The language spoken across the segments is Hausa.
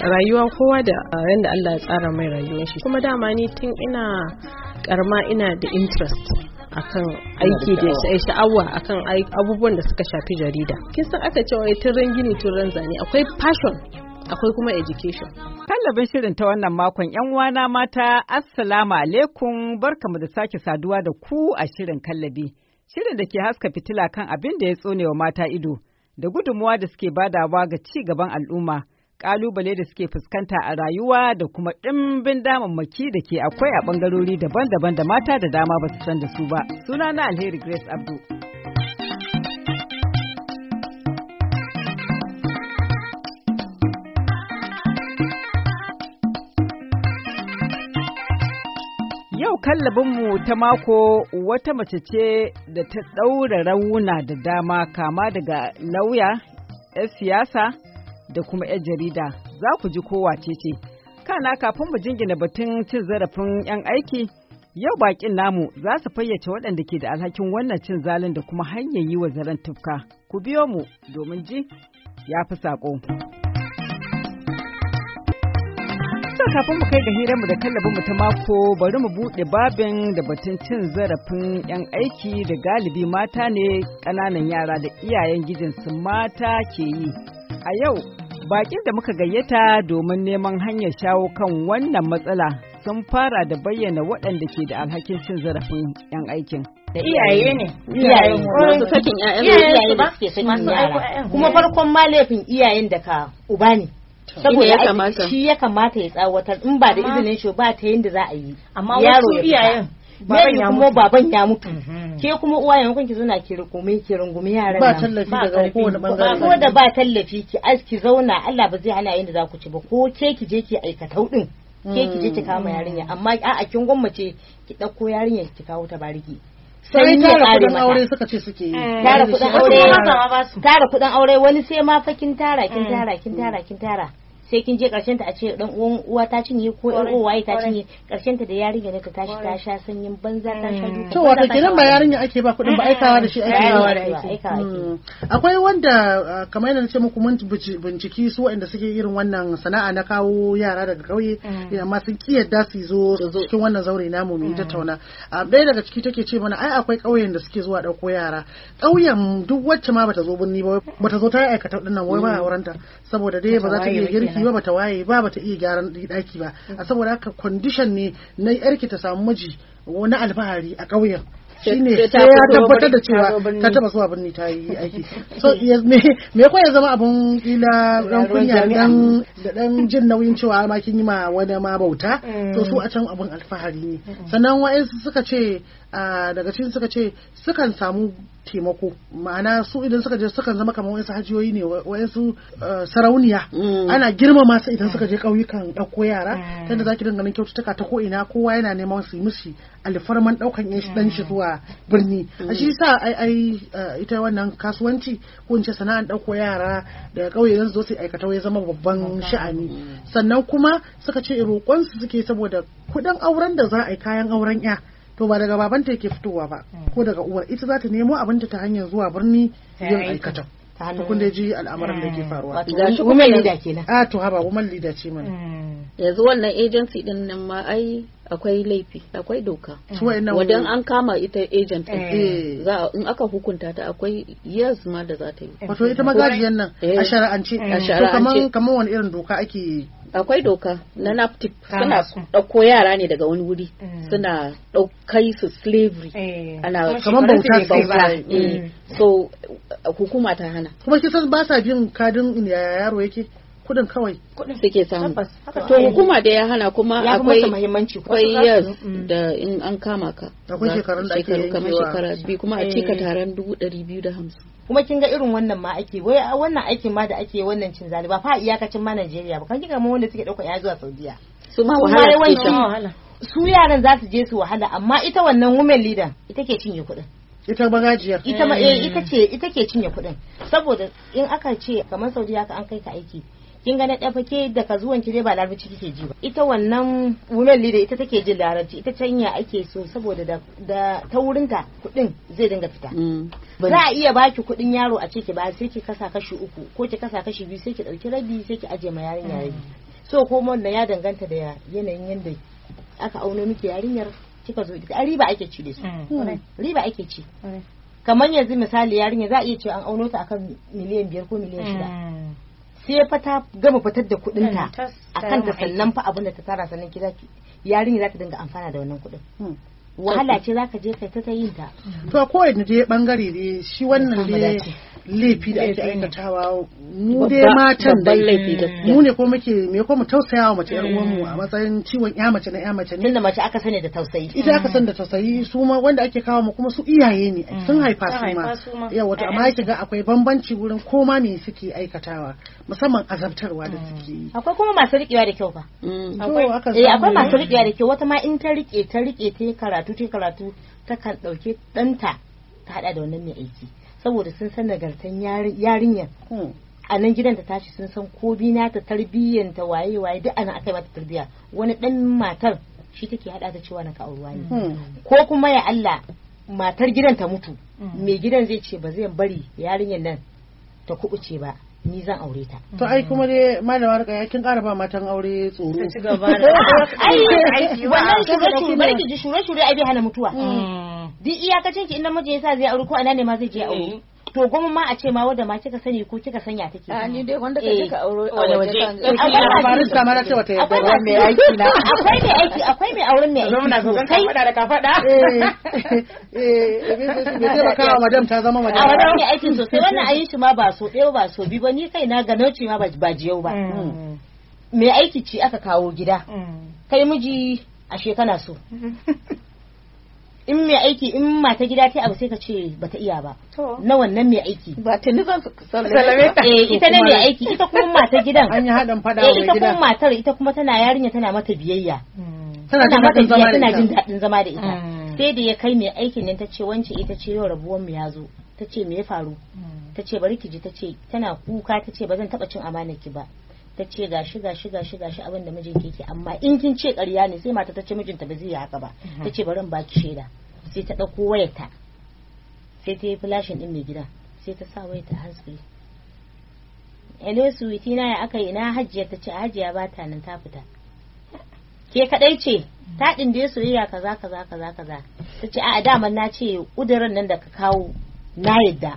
rayuwa kowa da uh, yadda Allah ya tsara mai rayuwar shi kuma dama ni tun ina karma ina da interest akan aiki da sha'awa akan abubuwan da suka shafi jarida kin san aka cewa turan gini turan zane akwai passion akwai kuma education. Kallabin shirin ta wannan makon ‘yan uwana mata, Assalamu alaikum barkamu da sake saduwa da ku a shirin kallabi. Shirin da ke haska fitila kan abin da ya wa mata ido, da gudunmuwa da suke badawa ga ci gaban al'umma, ƙalubale da suke fuskanta a rayuwa da kuma ɗimbin damammaki da ke akwai a ɓangarori daban-daban da mata da dama ba su san da su ba. Sunana Alheri Grace abdul kallabinmu ta mako wata mace ce da ta ɗaura rauna da dama kama daga lauya, 'yar siyasa da kuma 'yar jarida za ku ji kowa ce ce. Kana kafin mu jingina batun cin zarafin 'yan aiki, yau bakin namu za su fayyace waɗanda ke da alhakin wannan cin zalin da kuma hanyar yi wa zaren tufka. Ku biyo mu domin ji ya fi saƙo. kafin mu kai ga mu da kallabin mu ta mako bari mu buɗe babin da batun cin zarafin 'yan aiki da galibi mata ne ƙananan yara da iyayen gijinsu mata ke yi. A yau, bakin da muka gayyata domin neman hanyar shawo kan wannan matsala sun fara da bayyana waɗanda ke da alhakin cin zarafin 'yan aikin. da iyaye ne iyayen masu sakin ƴaƴan su ba yara kuma farkon ma iyayen da ka uba ne saboda shi ya kamata ya tsawatar in ba da izinin shi ba ta yadda za a yi amma wasu iyayen baban ya mutu baban ya mutu mm-hmm. ke kuma uwa yankun ki zuna ki rungume ki rungume yaran ba tallafi daga kowane bangare ko da ba tallafi ki aski zauna Allah ba zai hana yadda za ku ci ba ko ke ki je ki aikatau din ke ki je ki mm. kama yarinya amma a'a kin gwammace ki dauko yarinya ki kawo ta bariki sai tara kudin aure suka ce suke yi eh. tara kudin aure tara kudin aure wani sai ma fakin eh. tara kin tara kin tara kin tara sai kin je karshen ta a ce dan uwan uwa ta cinye ko ɗan uwa waye ta cinye karshen ta da yarinya ne ta tashi ta sha sanyin banza ta sha duka to wato kenan ba yarinya ake ba kuɗin ba eh, aikawa da shi ake yawa da aiki hmm. akwai wanda ah, kamar yadda ce muku mun binciki su waɗanda suke irin wannan sana'a na kawo yara daga ƙauye hmm. eh, amma sun yadda su zo cikin wannan zaure namu mu hmm. tattauna ah, ɗaya daga ciki take ce mana ai akwai ƙauyen da suke zuwa ɗauko yara ƙauyen duk wacce ma bata zo birni ba bata zo ta aikata ɗin nan wai ba a wurinta saboda dai ba za ta iya girki baki ba bata waye ba bata iya gyaran daki ba a saboda haka condition ne na yarki ta samu miji wani alfahari a ƙauyen shine sai ya tabbatar da cewa ta taba zuwa birni ta yi aiki so me ko ya zama abun kila dan kunya dan da dan jin nauyin cewa ma kin yi ma wani ma bauta mm. to su a can abun alfahari ne sannan wa'ansu suka ce daga cikin suka ce sukan samu taimako ma'ana su idan suka je sukan zama kamar wasu hajiyoyi ne wasu sarauniya mm. ana girmama su idan suka je ƙauyukan ɗauko yara mm. tunda zaki dinga ganin kyaututtuka ta ko ina kowa yana neman su yi mishi alfarman ɗaukan yan dan shi mm. zuwa birni a shi sa ai ai ita wannan kasuwanci ko in ce sana'an ɗauko yara daga ƙauye idan su zo su aikata ya zama babban sha'ani sannan kuma suka ce roƙon su suke saboda kuɗin auren da za a yi kayan auren ya to ba daga babanta yake fitowa ba hmm. ko daga uwar ita za ta nemo abinta ta hanyar zuwa birni yin aikata ta kun da ji al'amuran da ke hmm. faruwa wato women lida kenan a ah, to haba kuma lida ce mana hmm. yanzu wannan agency din nan ma ai akwai laifi akwai doka wadan an kama ita agent din eh. za in aka hukunta ta akwai years ma da za ta yi wato ita magajiyan nan a eh. shara'ance to kamar kaman wani irin doka ake akwai doka na naftik suna ɗauko yara ne daga wani wuri mm. suna ɗaukai su slavery eh. ana kamar bauta bauta mm. mm. so hukuma ta hana kuma san ba sa jin kadin yaro yake kudin kawai kudin suke samu to hukuma da ya hana kuma akwai akwai yes da in an kama ka akwai shekarun da ake kamar shekara biyu kuma a cika eh. taron dubu ɗari biyu da hamsin kuma kin ga irin wannan ma ake wai wannan aikin ma da ake wannan cin zali ba fa iyakacin ma Najeriya ba kan kika mun wanda suke dauka ya zuwa Saudiya su ma wahala su yaran za su je su wahala amma ita wannan women leader ita ke cinye kuɗin ita bagajiyar ita ma eh, eh ita ce ita ke cinye kuɗin saboda in aka ce kamar Saudiya ka an kai ka aiki kin ga na dafa ke ka zuwan ki dai ba larabci kike ji ba ita wannan women leader ita take jin larabci ita canya ake so saboda da, da ta wurinta kuɗin zai dinga fita mm. za a iya baki kuɗin yaro a ce ki ba sai ki kasa kashi uku ko ki kasa kashi biyu sai ki ɗauki rabi sai ki aje ma yarinya mm. rabi so ko wannan ya danganta da yanayin yadda aka auno miki yarinyar kika zo ita riba ake ci da su mm, riba ake ci kamar yanzu misali yarinya za a iya ce an auno ta akan miliyan biyar ko miliyan shida sai fa ta gama fitar da kuɗin mm, ta a kanta sannan fa abin da ta tara sannan ki yarinya za ta dinga amfana da wannan kuɗin mm. wahala ce za ka je kai ta ta yin ta to ko kowane dai bangare ne shi wannan ne laifi da ake aikatawa mu dai matan da mu ne ko muke me ko mu tausaya wa mace yar uwan mu mm. a matsayin ciwon ya mace na ya mace ne tunda mace aka sani da tausayi ita aka sani da tausayi su ma wanda ake kawo mu kuma su iyaye ne mm. sun haifa su ma yawa to amma kiga akwai bambanci wurin koma me suke aikatawa musamman azabtarwa da mm. suke yi akwai kuma masu rikewa da kyau ba eh, akwai masu rikewa da kyau wata ma in ta rike ta rike ta karatu ta karatu takan ɗauki ɗanta ta haɗa da wannan mai aiki saboda sun san nagartan yarinyar hmm. a nan gidan ta tashi sun san ko bina ta ta waye waye duk ana aka yi mata tarbiyya wani ɗan matar shi take haɗa ta cewa na ka ne hmm. ko kuma ya Allah matar gidan ta mutu hmm. mai gidan zai ce ba zai bari yarinyar nan ta kuɓuce ba ni zan aure ta to ai kuma dai malama rika kin ƙara ba matan aure tsoro ta ci gaba ai wannan shure shure bari ki ji shure shure ai bai hana mutuwa mm. duk iyakacin ki in namiji sa zai aure ko ina ne ma zai je aure eh. to goma ma a ce ma wadda ma kika sani ko kika sanya take a ni dai wanda ka kika eh. auro a waje kan labarin sa mara cewa ta yadda ruwan mai aiki na akwai mai aiki akwai mai auren mai aiki na zo kan fada da ka fada eh. eh eh bai taimaka wa madam ta zama madam a wadda mai aikin sosai wannan ayi shi ma ba so ɗaya ba so biyu ba ni kai na gano ce ma ba jiyau ba mm. Mm. mai aiki ce aka kawo gida mm. kai miji a shekana so in mai aiki in mata gida ta abu sai ka ce bata iya ba na wannan mai aiki ba ta nufin salame ta eh ita ne mai aiki ita kuma mata gidan an yi hadan fada wa gida eh, ita kuma matar ita kuma tana yarinya tana mata biyayya hmm. tana mata biyayya tana jin dadin zama da ita hmm. sai da ya kai mai aikin nan ta ce wance ita ce yau rabuwan mu ya zo ta ce me ya faru hmm. ta ce bari ki ji ta ce tana kuka ta ce ba zan taba cin amanar ki ba ta ce gashi gashi gashi gashi abin da mijin ke amma in kin ce ƙarya ne sai mata ta ce mijinta ba zai yi haka ba mhm. ta ce bari in baki shaida sai ta ɗauko wayarta sai ta yi flashin ɗin mai gida sai ta sa wayarta haske hello suwiti na ya aka yi na hajiya ta ce hajiya ba ta nan ta fita ke kadai ce ta dinde soyayya kaza kaza kaza kaza ta ce a daman na ce ƙudurin nan da ka kawo na yadda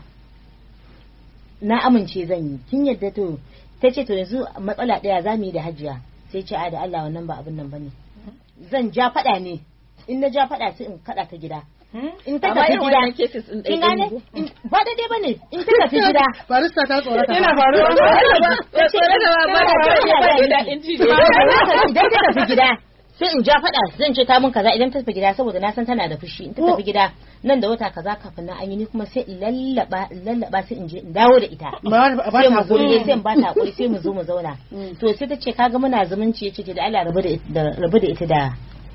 na amince zan yi kin yadda to sai ce to yanzu matsala ɗaya za mu yi da hajiya sai ce a da Allah wannan ba abin nan ba ne zan ja faɗa ne in na ja faɗa sai in kaɗa ta gida hmm? in ta tafi gida in gane ba daidai ba ne in ta tafi gida barista ta tsorata ina faruwa ba tsorata ba ba ta tafi gida idan ta tafi gida sai in ja faɗa zan ce ta mun kaza idan ta tafi gida saboda na san tana da fushi in ta tafi oh. gida nan da wata kaza kafin na anyi ni kuma sai in lallaba lallaba sai in je in dawo da ita sai mu gurje sai in ba ta hakuri sai mu zo mu zauna mm. to sai ta ce kaga muna zumunci yace ke da Allah rabu da rabu da ita da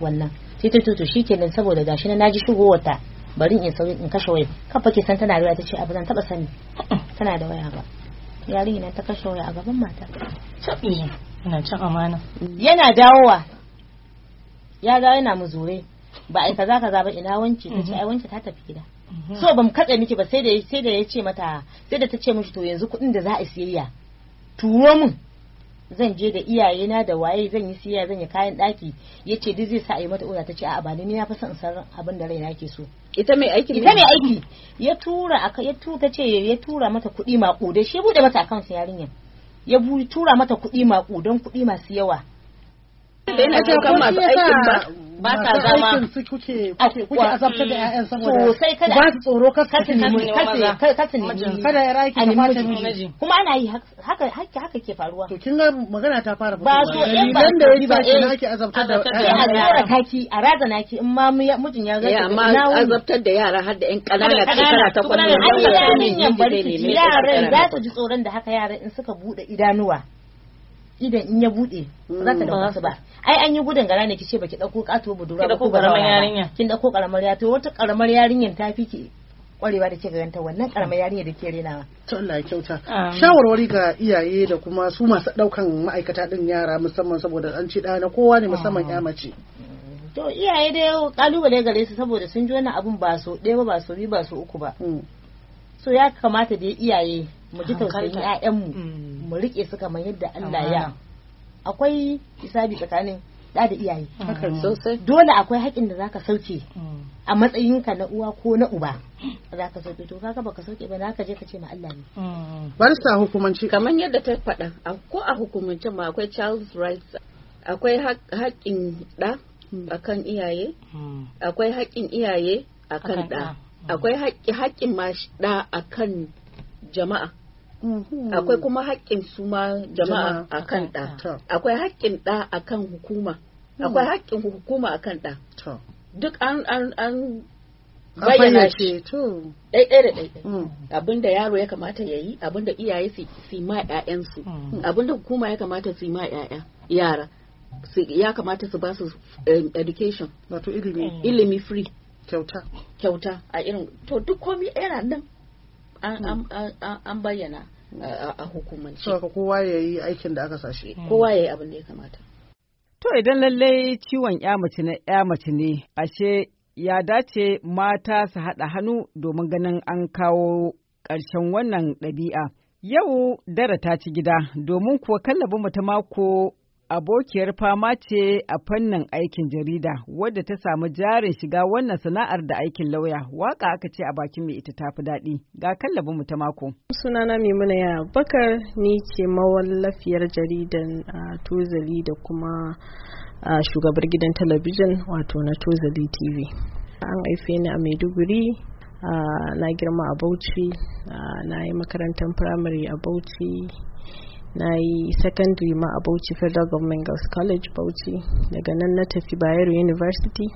wannan sai ta to shikenan saboda gashi na naji shigowar ta bari in sauri in kashe waya kafa ke san tana da waya tace abu zan taba sani tana da waya ba yarinya ta kashe waya a gaban mata ina cin amana yana dawowa ya dawo yana muzure ba ai kaza kaza ba ina wanki ta ce mhm. ai wanki ta tafi gida mhm. so bamu katse miki ba sai da sai da ya ce mata sai da ta ce mishi to yanzu kuɗin da za a siyayya turo mun zan je da iyayena da waye zan yi siyayya zan yi kayan daki ya ce duk zai sa a yi mata oda ta ce a'a ba ni ya fi son san abin da raina ke so ita mai aiki ita mai aiki ya tura aka ya tura ta ce ya tura mata kuɗi maƙudan shi ya buɗe mata account yarinyar ya tura mata kuɗi don kuɗi masu yawa Yana cikin masu aikin ba. ba zama Masu kuke da mm, ƴaƴan kuma ana haka ke faruwa to kin ga magana a tsora in ma mijin ya eh, azabtar da yara har da ƴan kanana shekara takwas yaran za su ji tsoron da haka yaran in suka buɗe idanuwa idan in ya bude za ta dauka mm. su ba ai an yi gudun gara ne kice baki dauko kato budura ba ko karamar yarinya kin dauko karamar yarinya to wata karamar yarinyar ta fi kwarewa da kika ganta wannan karamar yarinya da ke renawa to Allah ya kyauta shawarwari ga iyaye da kuma su masu daukan ma'aikata din yara musamman saboda an ci na kowa ne musamman ya mace mm. to iyaye da kalubale gare su saboda sun ji wannan abun ba so ɗaya ba ba so biyu ba so uku ba mm. so ya kamata da iyaye mu ji tausayin ƴaƴanmu mm. mu rike su kamar yadda Allah ya akwai hisabi tsakanin da da iyaye mm. dole akwai haƙin da zaka sauke mm. a matsayinka na uwa ko na uba za ka sauke to kaga baka sauke ba ka je ka ce ma Allah ne bar sa hukumanci kamar yadda ta faɗa ko a hukumance ma akwai child rights akwai haƙin ɗa akan iyaye akwai haƙin iyaye akan ɗa akwai haƙin ma ɗa akan jama'a akwai kuma haƙƙin su ma jama'a akan ɗa akwai haƙƙin ɗa akan hukuma akwai hmm. haƙƙin hukuma akan ɗa duk an an bayyana shi ɗaiɗai da ɗaiɗai hmm. abinda yaro ya kamata ya yi abinda iyaye su ma ƴaƴansu hmm. abinda hukuma ya kamata su ma ‘ya’ya yara ya kamata su ba su eh, education wato ilimi ilimi free kyauta kyauta a irin to duk komi yana nan Hmm. an bayyana a hukumance ka kowa ya yi aikin da aka sashi hmm. kowa ya yi abin da ya kamata to idan lallai ciwon ya mace na ya mace ne ashe ya dace mata su haɗa hannu domin ganin an kawo ƙarshen wannan ɗabi'a. Yau dara ta ci gida domin kuwa kallabin mu ta mako abokiyar fama ce a fannin aikin jarida wadda ta samu jarin shiga wannan sana'ar da aikin lauya waka aka ce a bakin mai ita tafi daɗi ga kallabin mu ta mako. sunana muna ya bakar ni ce mawallafiyar jaridan a tozali da kuma shugabar gidan talabijin wato na tozali tv an haife ni a maiduguri na girma a bauchi na yi makarantar firamare a bauchi na yi secondary ma a bauchi federal government girls college bauchi daga nan na tafi bayero university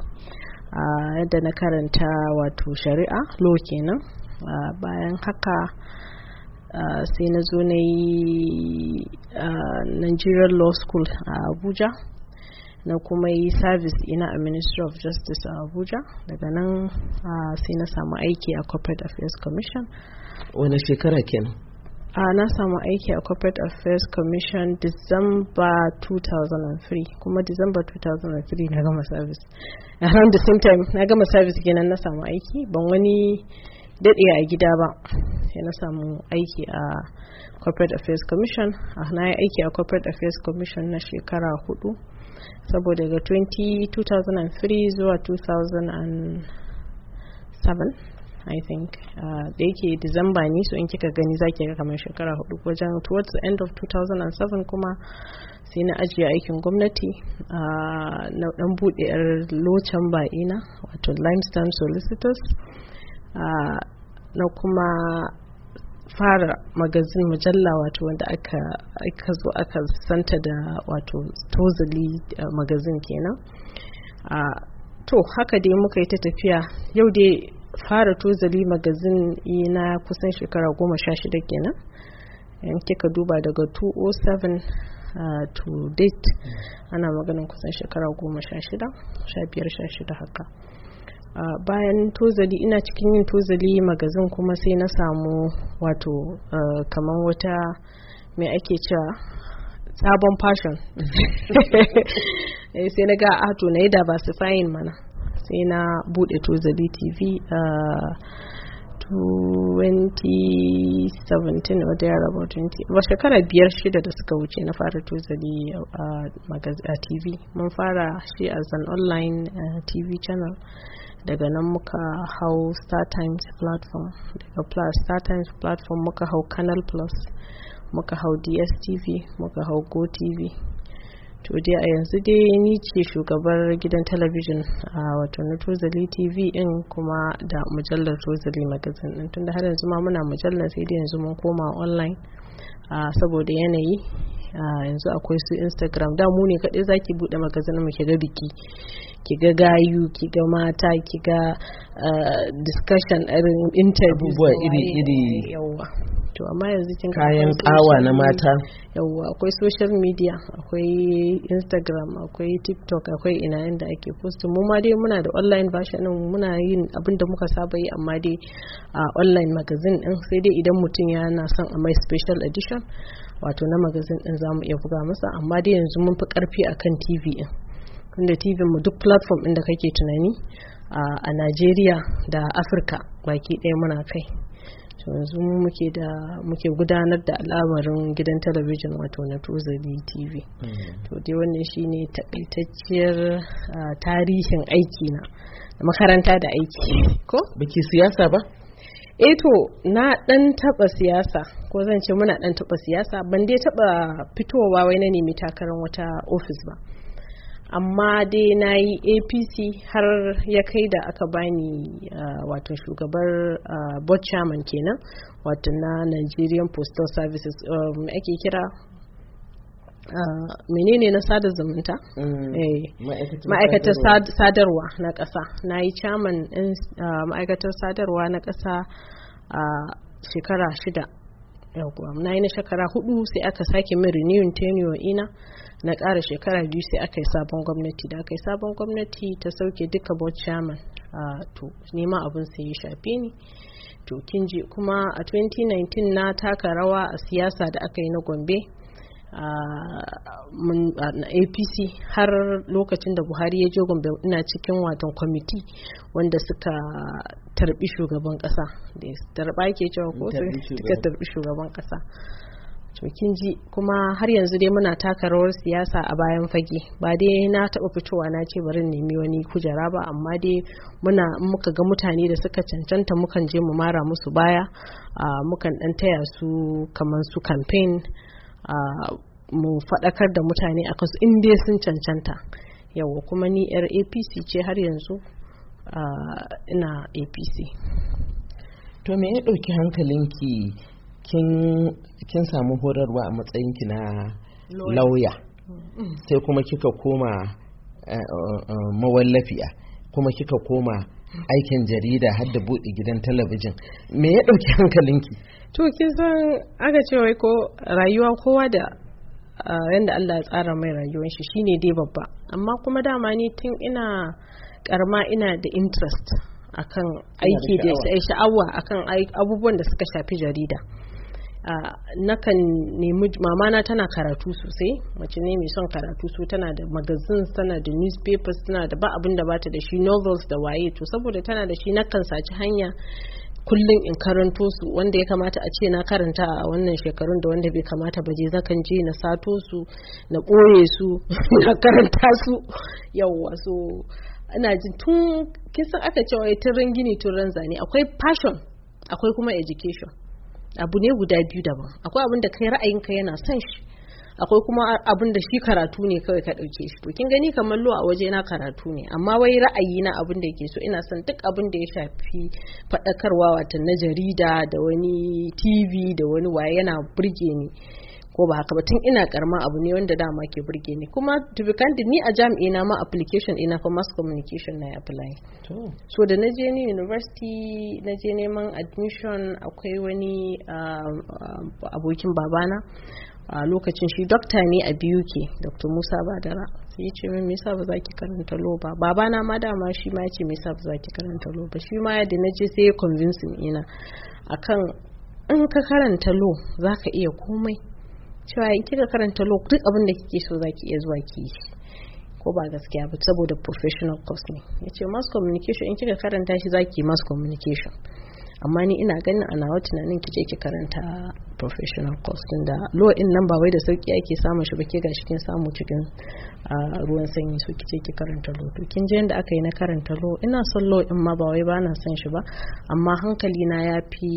a yadda na karanta wato shari'a law kenan bayan haka sai na zo na yi nigerian law school a abuja na kuma yi service ina a ministry of justice a abuja daga nan sai na samu aiki a corporate affairs commission wani shekara kenan a ah, na samu aiki a corporate affairs commission december 2003 kuma december 2003 na gama service around the same time na gama service kenan na samu aiki ban wani daɗe a gida ba sai na samu aiki a corporate affairs commission ah, na yi aiki a corporate affairs commission na shekara hudu saboda daga 2003 zuwa 2007 i think uh, da yake december ne so in kika gani zaki ga kamar shekara hudu wajen towards the end of 2007 kuma sai na ajiye aikin gwamnati uh, na dan buɗe yar locan ba'ina wato limestone solicitors uh, na kuma fara magazin mujalla wato wanda aka aka zo aka santa da wato tozali magazin kenan to haka dai muka yi ta tafiya yau dai fara tozali magazin na kusan shekara goma sha shida kenan in kika duba daga 207 uh, ah, to date mm. ana maganin kusan shekara goma sha shida sha biyar sha shida haka ah, bayan tozali ina cikin yin tozali magazin kuma sai na samu wato ah, kamar wata mai ake cewa sabon fashion eh, sai na ga ato na yi da fayin mana sai na bude tozali tv a 2017 or thereabout 20 ba shekara biyar shida da suka wuce na fara tozali uh, a uh, tv mun fara shi as an online uh, tv channel daga nan muka hau star times platform daga plus star times platform muka hau canal plus muka hau dstv muka hau gotv to dai a yanzu dai ni ce shugabar gidan talabijin a wato na tozali tv in kuma da mujallar tozali magazin din tunda har yanzu ma muna mujallar sai dai yanzu mun koma online a saboda yanayi a yanzu akwai su instagram da mu ne kaɗai zaki buɗe magazin mu ga biki ki ga gayu ki ga mata ki ga discussion irin interview abubuwa iri iri yawa to amma yanzu kin kayan kawa na mata yauwa akwai social media akwai instagram akwai tiktok akwai ina yanda ake post mu ma dai muna da online version muna yin abin da muka saba yi amma dai a online magazine din sai dai idan mutum yana son a mai special edition wato na magazine din zamu iya buga masa amma dai yanzu mun fi karfi akan tv din tunda tv mu duk platform din da kake tunani a nigeria da Afirka baki ɗaya muna kai to yanzu muke da muke gudanar da al'amarin gidan talabijin wato na tozali tv mm. to dai wannan shine takaitacciyar tarihin aiki na makaranta da aiki ko biki siyasa ba eh to na dan taba siyasa ko zan ce muna dan taba siyasa ban dai taba fitowa wai na nemi takarar wata ofis ba amma dai na yi apc har ya kai da aka bani wato shugabar board chairman kenan wato na nigerian postal services um, ake kira menene na sada zumunta mm. eh, ma'aikatar sadarwa. na ƙasa na yi chairman ma'aikatar sadarwa na ƙasa a shekara shida yawwa na yi na shekara hudu sai aka sake min renewing tenure ina na ƙara shekara biyu sai aka yi sabon gwamnati da aka yi sabon gwamnati ta sauke duka board chairman a to nema abin sai ya shafe ni to je kuma a 2019 na taka rawa a siyasa da aka yi na gombe AAPC ah, ah, apc har lokacin da buhari ya je gombe ina cikin watan kwamiti wanda suka tarbi shugaban kasa da tarba ke cewa ko suka tarbi shugaban kasa cikin ji kuma har yanzu dai muna taka rawar siyasa a bayan fage ba dai na taba fitowa na ce bari nemi wani kujera ba amma dai muna muka ga mutane da suka cancanta mukan je mu mara musu baya ah, mukan ɗan taya su kamar su campaign a ah, mu faɗakar da mutane a su in dai sun cancanta yawa kuma ni yar apc ce har yanzu ah, ina apc to me ya ɗauki hankalinki kin samu horarwa a matsayinki na lauya mm-hmm. sai kuma kika koma eh, eh, eh, mawallafiya kuma kika koma aikin jarida har da buɗe gidan talabijin me ya ɗauki hankalinki to kin san aka ce wai ko rayuwa kowa da yadda Allah ya tsara mai rayuwar shi shine dai babba amma kuma dama ni tun ina karma ina da interest akan aiki da sha'awa akan abubuwan da suka shafi jarida nakan nemi mamana tana karatu sosai mace ne mai son karatu so tana da magazin tana da newspapers tana da ba abin da bata da shi novels da waye to saboda tana da shi nakan saci hanya kullum in karanto su wanda ya kamata a ce na karanta a wannan shekarun da wanda bai kamata ba je zakan je na sato su na ɓoye su na karanta su yawwa so ana jin tun kisan aka cewa turin gini turin zane akwai passion akwai kuma education abu ne guda biyu daban akwai abin da kai ka yana son shi akwai kuma abin da shi karatu ne kawai ka ɗauke shi to kin gani kamar lo a waje na karatu ne amma wai ra'ayi na abin da yake so ina son duk abin da ya shafi faɗakarwa wato na jarida da wani tv da wani waye yana burge ni ko ba haka ba tun ina karama abu ne wanda dama ke burge ni kuma to be candid ni a jami'i na ma application ina for mass communication na apply so da na je ni university na je neman admission akwai wani um, um, abokin babana a lokacin shi dokta ne a biyu ke dr musa badara sai ya ce min me yasa ba za ki karanta law ba babana ma dama shi ma ya ce me yasa ba za ki karanta law ba shi ma ya da je sai ya convince ina akan in ka karanta law za ka iya komai cewa in kika karanta law duk abin da kike so zaki iya zuwa ki yi ko ba gaskiya ba saboda professional course ne ya yace mass communication in kika karanta shi zaki mass communication amma ni ina ganin a nawa tunanin kike ki karanta professional course din da law in nan ba wai da sauki ake samun shi ba ke gashi kin samu cikin ruwan sanyi so kike ki karanta law to kin je yanda aka yi na karanta law ina son law in ma ba wai ba na son shi ba amma hankali na ya fi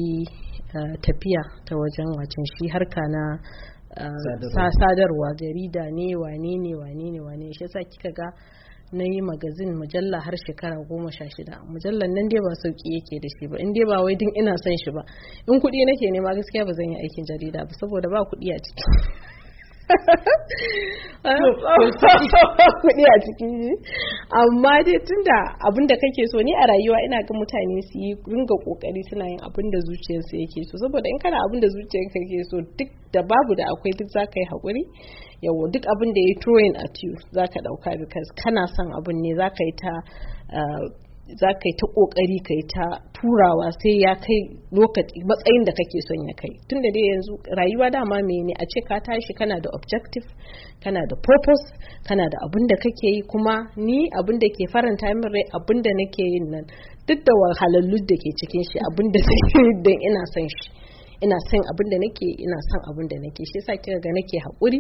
tafiya ta wajen wacin shi harka na sadarwa jarida ne wane ne wane ne wane shi yasa kika ga na yi magazin mujalla har shekara goma sha shida mujallan nan dai ba sauki yake da shi ba in dai ba wai din ina son shi ba in kuɗi nake nema gaskiya ba zan yi aikin jarida ba saboda ba kuɗi a ciki kuɗi a ciki amma dai tunda abin da kake so ni a rayuwa ina ga mutane su yi ringa kokari suna yin abin da zuciyarsu yake so saboda in kana abin da zuciyarka yake so duk da babu da akwai duk za ka yi haƙuri yawo duk abin da ya throwing at you za ka ɗauka because kana son abin ne za ka yi ta za ka yi ta kokari ka yi ta turawa sai ya kai lokaci matsayin da kake son ya kai tunda dai yanzu rayuwa dama mene a ce ka tashi kana da objective kana da purpose kana da abin da kake yi kuma ni abin da ke faranta min rai abin da nake yin nan duk da wahalallu da ke cikin shi abin da nake yi don ina son shi ina son abin da nake ina son abin da nake shi yasa kika ga nake haƙuri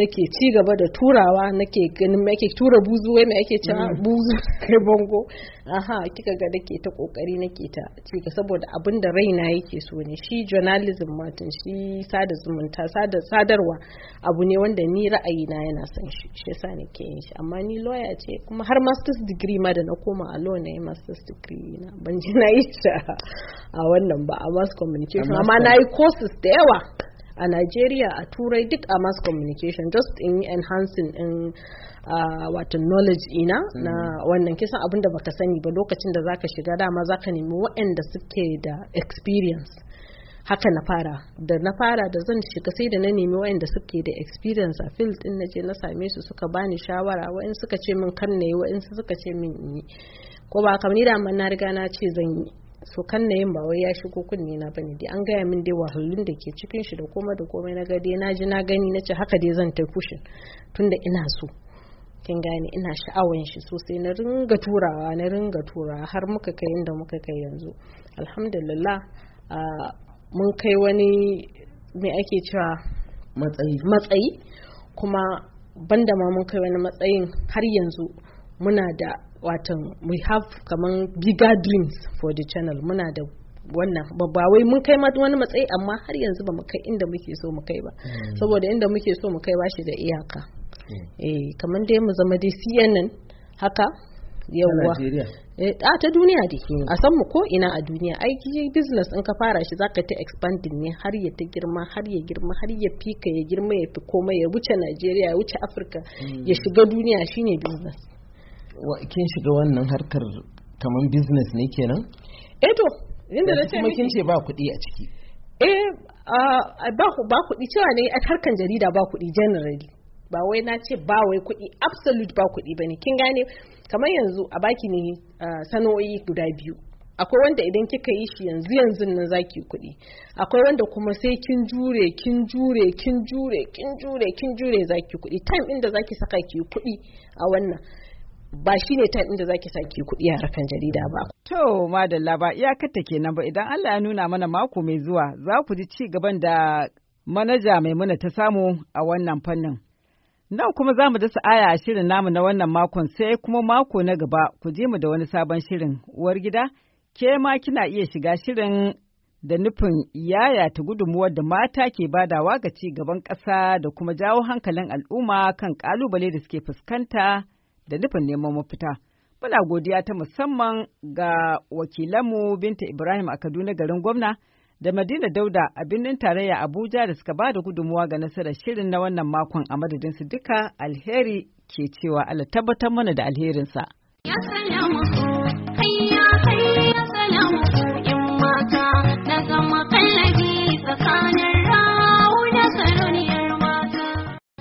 nake ci gaba da turawa nake ganin me ake tura buzu wai me ake cewa mm. buzu kai bango aha kika ga nake ta kokari nake ta ci saboda abin da raina yake so ne shi journalism matan shi sada zumunta sada sadarwa abu ne wanda ni ra'ayi na yana son shi shi yasa nake yin shi amma ni lawyer ce kuma har master's degree ma da na koma a law na yi master's degree na ban ji na yi a wannan ba a mass communication amma na yi courses da yawa a Nigeria a turai duk a mass communication just in enhancing in watan uh, wato knowledge ina na mm. wannan kisan abin da baka sani ba lokacin da zaka shiga dama zaka nemi waɗanda suke da experience haka na fara da na fara da zan shiga sai da na nemi wayanda suke da experience a field din naje na same su suka bani shawara wa'in suka ce min kan nayi wa'in suka ce min ko ba kamar ni da na riga na ce zan yi so kan na yin bawai ya shigo kunne na bane dai an gaya min dai wahalun da ke cikin shi da koma da komai na ga dai na ji na gani na ce haka dai zan tafi shi tunda ina so kin gane ina sha'awan shi sosai na ringa turawa na ringa turawa har muka kai inda muka kai yanzu alhamdulillah mun kai wani me ake cewa matsayi matsayi kuma banda ma mun kai wani matsayin har yanzu muna da watan we have kaman bigger dreams for the channel muna da wannan babba wai mun kai ma wani matsayi amma har yanzu ba mu kai inda muke so mu kai ba mm. saboda inda muke so mu kai ba shi da iyaka mm. eh kaman dai mu zama dai CNN haka yawwa eh, a ta duniya dai mm. a san mu ko ina a duniya aiki business in ka fara shi zaka ta expanding ne har ya ta girma har ya girma har ya fika ya girma ya fi komai ya wuce Najeriya ya wuce Afirka ya shiga duniya shine business kin shiga wannan harkar kamar business ne kenan eh to inda na ce kin ce ba kuɗi a ciki eh ba kuɗi cewa ne a harkar jarida ba kuɗi generally ba wai na ce ba wai kuɗi absolute ba kuɗi ba ne kin gane kamar yanzu a baki ne sana'o'i guda biyu akwai wanda idan kika yi shi yanzu yanzu nan zaki kuɗi akwai wanda kuma sai kin jure kin jure kin jure kin jure kin jure zaki kuɗi time inda zaki saka ki kuɗi a wannan ba shi ne ta inda zaki saki kuɗi a harkan jarida ba. To madalla ba iyakarta nan ba idan Allah ya nuna mana mako mai zuwa za ku ji ci gaban da manaja mai maimuna ta samu a wannan fannin. Nan kuma za mu dasa aya a shirin namu na wannan makon sai kuma mako na gaba ku je mu da wani sabon shirin uwar gida ke ma kina iya shiga shirin da nufin yaya ta gudunmuwar da mata ke badawa ga ci gaban ƙasa da kuma jawo hankalin al'umma kan kalubale da suke fuskanta. da nufin neman mafita. Muna godiya ta musamman ga wakilanmu Binta Ibrahim a Kaduna garin gwamna da Madina Dauda a birnin tarayya Abuja da suka ba da gudunmuwa ga nasarar shirin na wannan makon a madadin su duka alheri ke cewa Allah tabbatar mana da alherinsa. Ya